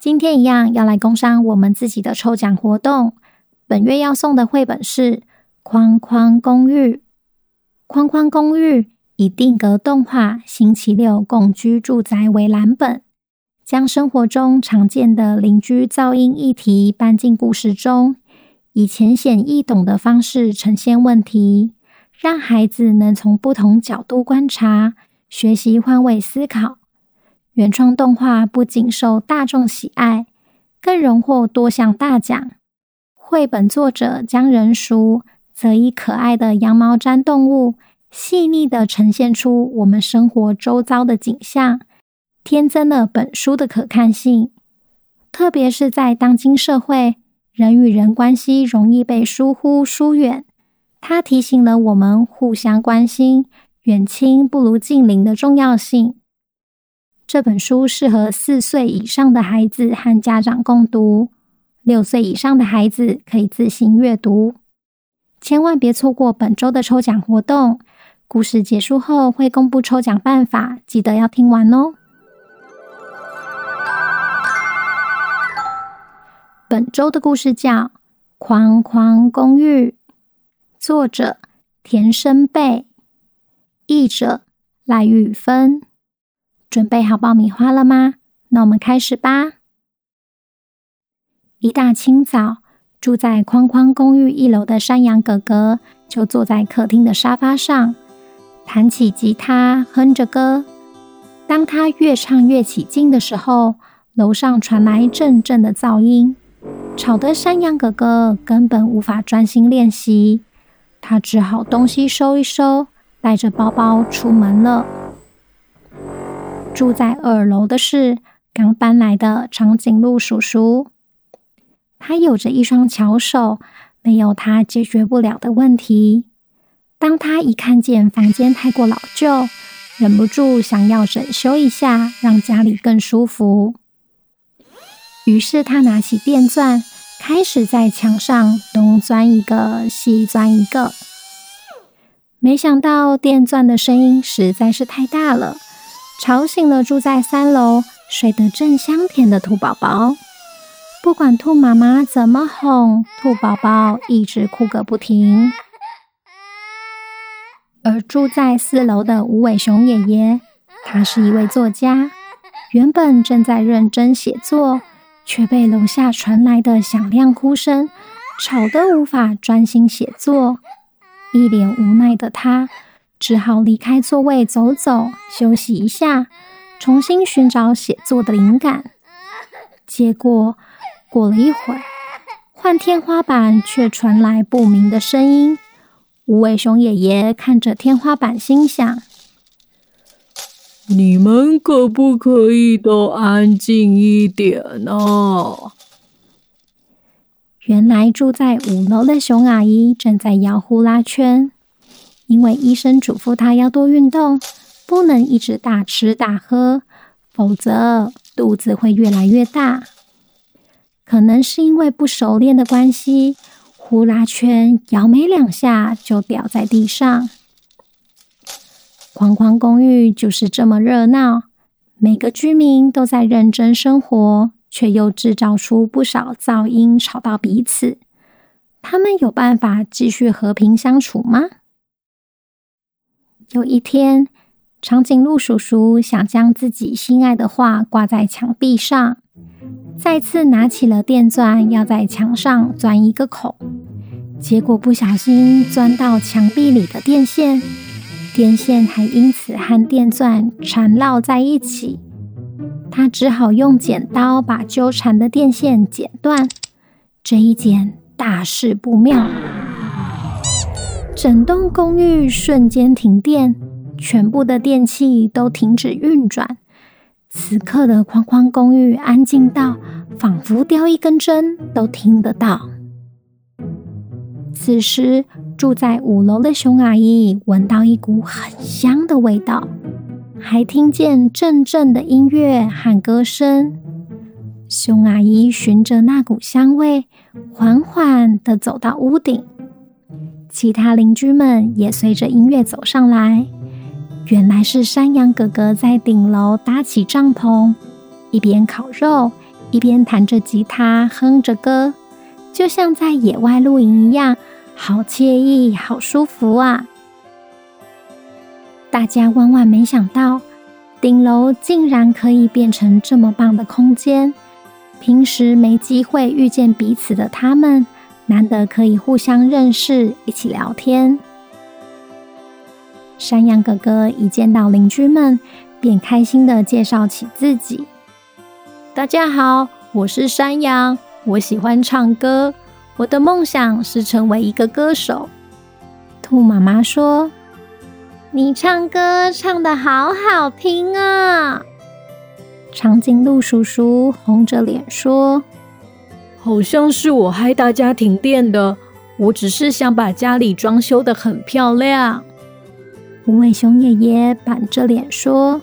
今天一樣要來工商我們自己的抽獎活動。本月要送的繪本是《哐哐公寓》。《哐哐公寓》以定格動畫《星期六共居住宅》為藍本，將生活中常見的鄰居噪音議題搬進故事中，以淺顯易懂的方式呈現問題，讓孩子能從不同角度觀察，學習換位思考。原創動畫不僅受大眾喜愛，更榮獲多項大獎。繪本作者姜仁淑則以可愛的羊毛氈動物，細膩地呈現出我們生活周遭的景象，添增了本書的可看性。特別是在當今社會，人與人關係容易被疏忽疏遠，它提醒了我們互相關心，遠親不如近鄰的重要性。這本書適合四歲以上的孩子和家長共讀，六歲以上的孩子可以自行閱讀。千萬別錯過本周的抽獎活動！故事結束後會公布抽獎辦法，記得要聽完哦。本周的故事叫《哐哐公寓》，作者田昇倍，譯者賴毓棻。準備好爆米花了嗎？那我們開始吧。一大清早，住在哐哐公寓一樓的山羊哥哥就坐在客廳的沙發上，彈起吉他，哼着歌。當他越唱越起勁的時候，樓上傳來陣陣的噪音，吵得山羊哥哥根本無法專心練習。他只好東西收一收，帶着包包出門了。住在二樓的是剛搬來的長頸鹿叔叔，他有着一雙巧手，沒有他解決不了的問題。當他一看見房間太過老舊，忍不住想要整修一下，讓家裡更舒服。於是他拿起電鑽，開始在牆上東鑽一個，西鑽一個。沒想到電鑽的聲音實在是太大了。吵醒了住在三樓睡得正香甜的兔寶寶，不管兔媽媽怎麼哄，兔寶寶一直哭個不停。而住在四樓的無尾熊爺爺，他是一位作家，原本正在認真寫作，卻被樓下傳來的響亮哭聲吵得無法專心寫作，一臉無奈的他。只好離開座位走走，休息一下，重新尋找寫作的靈感。結果過了一會兒，換天花板卻傳來不明的聲音。無尾熊爺爺看着天花板，心想：“你們可不可以都安靜一點呢、哦？”原來住在五樓的熊阿姨正在搖呼啦圈。因為醫生囑咐他要多運動，不能一直大吃大喝，否則肚子會越來越大。可能是因為不熟練的關係，呼啦圈搖沒兩下就掉在地上。哐哐公寓就是這麼熱鬧，每個居民都在認真生活，卻又制造出不少噪音，吵到彼此。他們有辦法繼續和平相處嗎？有一天，長頸鹿叔叔想將自己心愛的畫掛在牆壁上，再次拿起了電鑽，要在牆上鑽一個孔。結果不小心鑽到牆壁裡的電線，電線還因此和電鑽纏繞在一起。他只好用剪刀把糾纏的電線剪斷。這一剪，大事不妙。整棟公寓瞬間停電，全部的電器都停止運轉。此刻的哐哐公寓安靜到仿佛掉一根針都聽得到。此時，住在五樓的熊阿姨聞到一股很香的味道，還聽見陣陣的音樂和歌聲。熊阿姨循着那股香味，緩緩地走到屋頂。其他鄰居們也隨着音樂走上來。原來是山羊哥哥在頂樓搭起帳篷，一邊烤肉，一邊彈着吉他，哼着歌，就像在野外露營一樣，好愜意，好舒服啊！大家萬萬沒想到，頂樓竟然可以變成這麼棒的空間，平時沒機會遇見彼此的他們。難得可以互相認識，一起聊天。山羊哥哥一見到鄰居們，便開心地介紹起自己：“大家好，我是山羊，我喜歡唱歌，我的夢想是成為一個歌手。”兔媽媽說：“你唱歌唱得好好聽啊！”長頸鹿叔叔紅着臉說。好像是我害大家停電的。我只是想把家裡裝修得很漂亮。五位熊爺爺板着臉說：“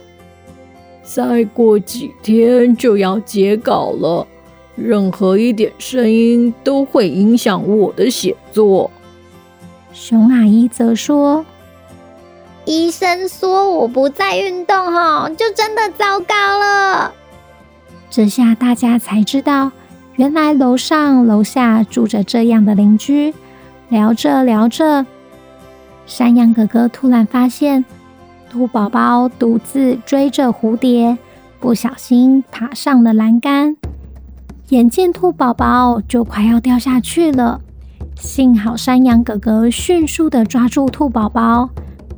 再過幾天就要截稿了，任何一點聲音都會影響我的寫作。”熊阿姨則說：“醫生說我不再運動、哦，哈，就真的糟糕了。”這下大家才知道。原來樓上樓下住着這樣的鄰居，聊着聊着，山羊哥哥突然發現兔寶寶獨自追着蝴蝶，不小心爬上了欄杆，眼見兔寶寶就快要掉下去了，幸好山羊哥哥迅速的抓住兔寶寶，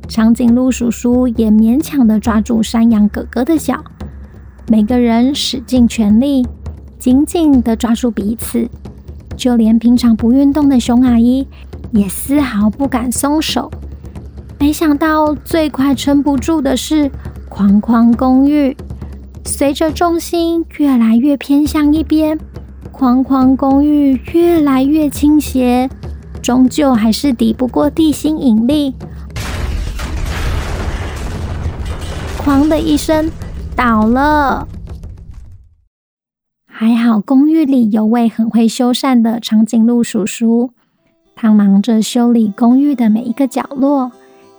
長頸鹿叔叔也勉強的抓住山羊哥哥的腳，每個人使盡全力。緊緊地抓住彼此，就連平常不運動的熊阿姨也絲毫不敢鬆手。沒想到最快撐不住的是哐哐公寓，隨着重心越來越偏向一邊，哐哐公寓越來越傾斜，終究還是抵不過地心引力，“哐”的一聲倒了。還好公寓裡有位很會修繕的長頸鹿叔叔，他忙着修理公寓的每一個角落。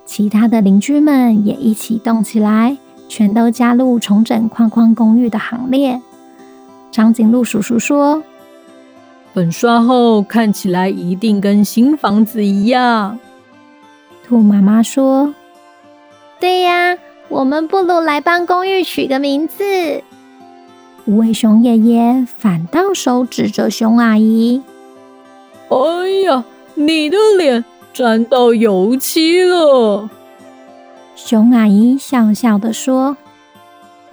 其他的鄰居們也一起動起來，全都加入重整哐哐公寓的行列。長頸鹿叔叔說：“粉刷後看起來一定跟新房子一樣。”兔媽媽說：“對呀，我們不如來幫公寓取個名字。”五位熊爺爺反倒手指着熊阿姨：“哎呀，你的臉沾到油漆了。”熊阿姨笑笑地說：“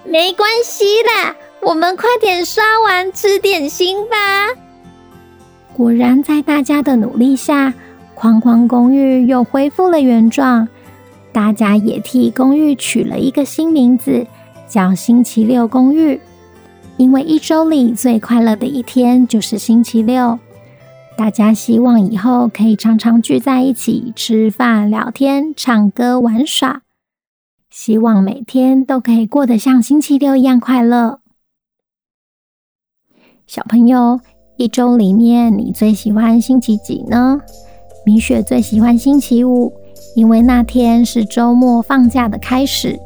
沒關係啦，我們快點刷完，吃點心吧。”果然，在大家的努力下，哐哐公寓又恢復了原狀。大家也替公寓取了一個新名字，叫“星期六公寓”。因為一周裡最快樂的一天就是星期六，大家希望以後可以常常聚在一起吃飯、聊天、唱歌、玩耍，希望每天都可以過得像星期六一樣快樂。小朋友，一周裡面你最喜歡星期幾呢？米雪最喜歡星期五，因為那天是周末放假的開始。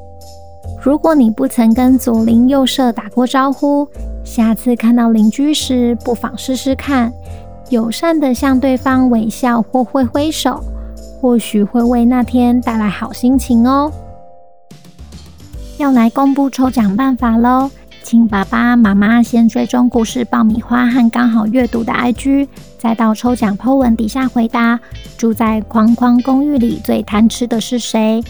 如果你不曾跟左鄰右舍打過招呼，下次看到鄰居時，不妨試試看，友善地向對方微笑或揮揮手，或許會為那天帶來好心情哦。要來公布抽獎辦法嘍，請爸爸媽媽先追蹤故事爆米花和剛好閱讀的 IG，再到抽獎 po 文底下回答住在哐哐公寓裡最貪吃的是誰？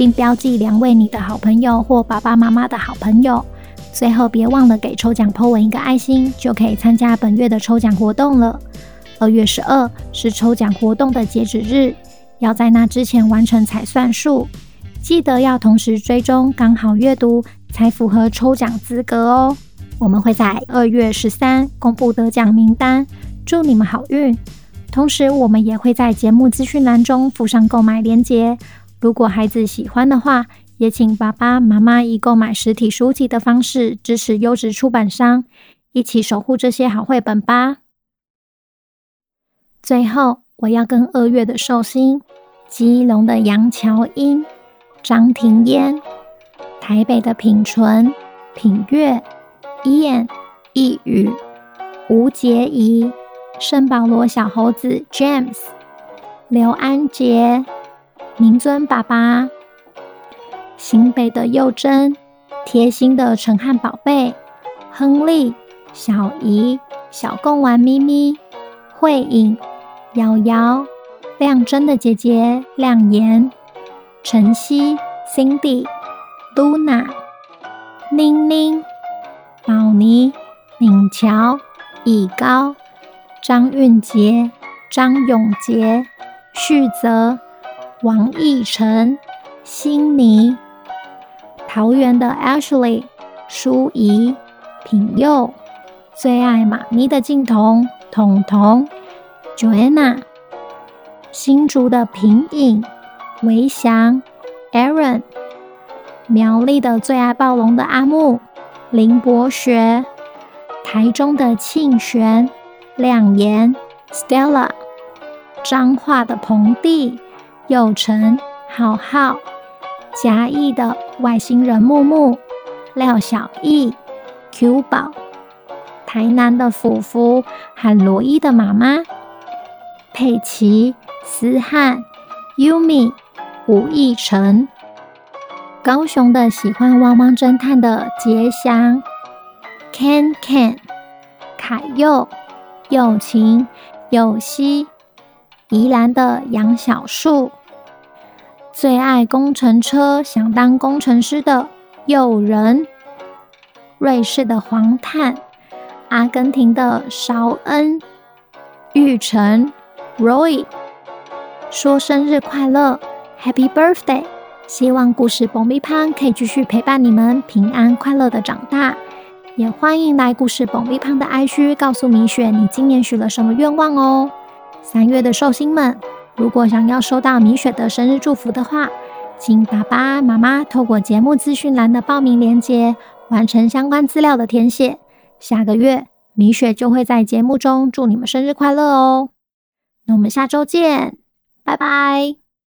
並標記兩位你的好朋友或爸爸媽媽的好朋友。最後別忘了給抽獎 PO 文一個愛心，就可以參加本月的抽獎活動了。二月十二是抽獎活動的截止日，要在那之前完成才算數。記得要同時追蹤剛好閱讀，才符合抽獎資格哦。我們會在二月十三公布得獎名單，祝你們好運。同時，我們也會在節目資訊欄中附上購買鏈接。如果孩子喜歡的話，也請爸爸媽媽以購買實體書籍的方式支持優質出版商，一起守護這些好繪本吧。最後，我要跟二月的壽星、基隆的楊喬英、張庭嫣、台北的品純、品月、燕、一羽、吳杰怡、聖保羅小猴子 James、劉安杰。明尊爸爸，新北的佑真，貼心的陳漢寶貝，亨利、小怡、小貢丸咪咪，慧穎、瑤瑤、亮真的姐姐亮妍，晨曦、Cindy、Luna、寧寧、寶妮、寧喬、以高、張韻杰、張永杰、旭澤。王奕晨、心妮、桃園的 Ashley、淑儀、品佑、最愛媽咪的靜彤、彤彤、Joanna、新竹的平影、韋祥、Aaron、苗栗的最愛暴龍的阿木、林博學、台中的慶玄、亮言、Stella、彰化的彭帝佑辰，浩浩，嘉義的外星人木木，廖小藝，Q 寶，台南的芙芙、和羅伊的媽媽，佩奇，思翰，優米，吳奕辰，高雄的喜歡汪汪偵探的傑翔，Ken Ken，凱佑，佑晴，友希，宜蘭的楊小樹。最愛工程車，想當工程師的佑仁，瑞士的黃探，阿根廷的紹恩，玉成，Roy，說生日快樂，Happy Birthday！希望故事爆米花可以繼續陪伴你們平安快樂的長大，也歡迎來故事爆米花的 IG 告訴米雪，你今年許了什麼願望哦。三月的壽星們。如果想要收到米雪的生日祝福的話，請爸爸媽媽透過節目資訊欄的報名連結完成相關資料的填寫。下個月米雪就會在節目中祝你們生日快樂哦。那我們下周見，拜拜。